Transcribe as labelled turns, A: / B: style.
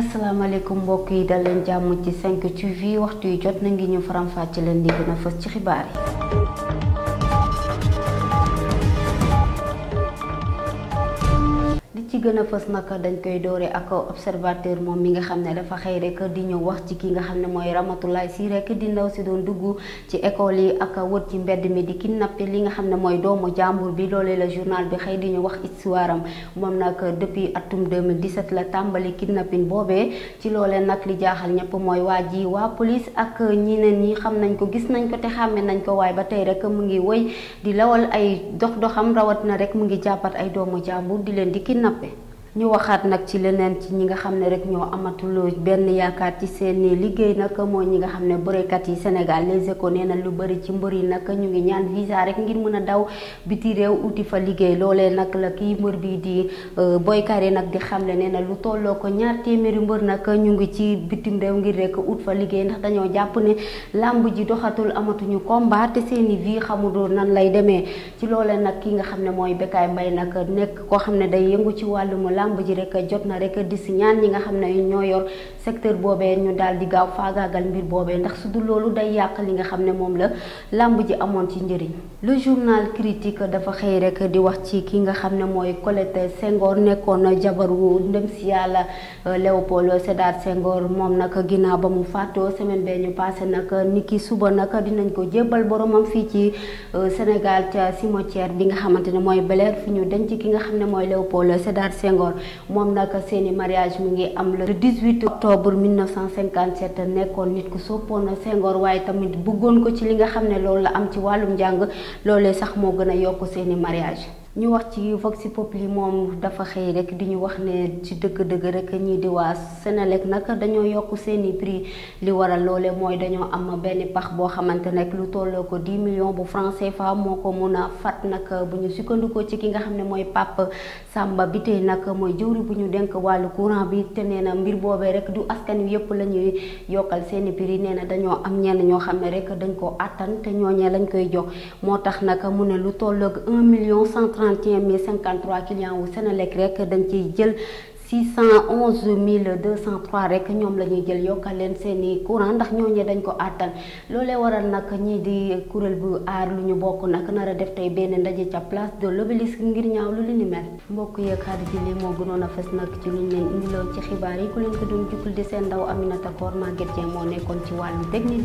A: asalaamaaleykum mbokk yi dal leen jàmm ci 5 TV waxtu yi jot na ngi ñu faram-fàcce leen di gën a fës ci xibaar yi. ci gën a fës nag dañ koy dooree ak observateur moom mi nga xam ne dafa xëy rek di ñëw wax ci ki nga xam ne mooy Ramatoulaye si rek di ndaw si doon dugg ci école yi ak wër ci mbedd mi di kidnappé li nga xam ne mooy doomu jàmbur bi loolee la journal bi xëy di ñu wax histoire am moom nag depuis atum 2017 la tàmbali kidnapping boobee ci loolee nag li jaaxal ñëpp mooy waa ji waa police ak ñeneen ñi xam nañ ko gis nañ ko te xàmme nañ ko waaye ba tey rek mu ngi wëy di lawal ay dox doxam rawat na rek mu ngi jàppat ay doomu jàmbur di leen ñu waxaat nag ci leneen ci ñi nga xam ne rek ñoo amatuloo benn yaakaar ci seen liggéey nag mooy ñi nga xam ne bërekat yi Sénégal les éco nee na lu bëri ci mbër yi nag ñu ngi ñaan visa rek ngir mën a daw biti réew uti fa liggéey loolee nag la kii mbër bi di euh, boykaar yi nag di xamle nee na lu tolloo ko ñaar téeméeri mbër nag ñu ngi ci bitim réew ngir rek ut fa liggéey ndax dañoo jàpp ne làmb ji doxatul amatuñu combat te seen xamudoo nan lay demee ci loolee nag ki nga xam ne mooy Bécaye mbay nag nekk koo xam ne day yëngu ci wàllum lamb ji rek jot na rek di si ñaan ñi nga xamne ne yor secteur bobé ñu dal di gaaw faagaagal mbir bobé ndax su du day yàq li nga xamne mom la lamb ji amon ci ndirign le journal critique dafa xey rek di wax ci ki nga xamne moy Colette sengor nekkoon jabaru ndem si yalla leopold cedar sengor mom nak ginnaaw ba mu fàttoo semaine be ñu passé nak niki suba nak dinañ ko jébbal boromam fi ci euh, Sénégal ca cimetière bi nga xamantene moy belair fi ñu denc ki nga xamne moy leopold cedar sengor Senghor moom nag seeni mariage mu ngi am le 18 octobre 1957 nekkoon nit ku soppoon na Senghor waaye tamit bëggoon ko ci li nga xam ne loolu la am ci wàllum njàng loole sax moo gën a yokk seeni mariage ñu wax ci Vox Populi moom dafa xëy rek di ñu wax ne ci dëgg-dëgg rek ñii di waa Senelec nag dañoo yokk seeni prix li waral loole mooy dañoo am benn pax boo xamante ne lu tolloo ko 10 millions bu franc CFA moo ko mun a fat bu ñu sukkandikoo ci ki nga xam ne mooy Pape Samba Bitèye nag mooy jëwri bu ñu denk wàllu courant bi te nee na mbir boobee rek du askan wi yëpp la ñuy yokkal seeni prix nee na dañoo am ñenn ñoo xam ne rek dañ ko attan te ñooñee lañ koy jox moo tax nag mu ne lu tolloog 1 million 130 31 53 clients wu rek dañ ci jël. 611 203 rek ñom lañu jël courant ndax dañ ko atal lolé waral nak ñi di bu ar lu ñu bokk nak a def tay benn ndaje place de l'obélisque ngir ñaaw lu li mel mbokk a fës nag ci leen lo ci xibaari ku leen ko doon jukul di seen ndaw Aminata ci technique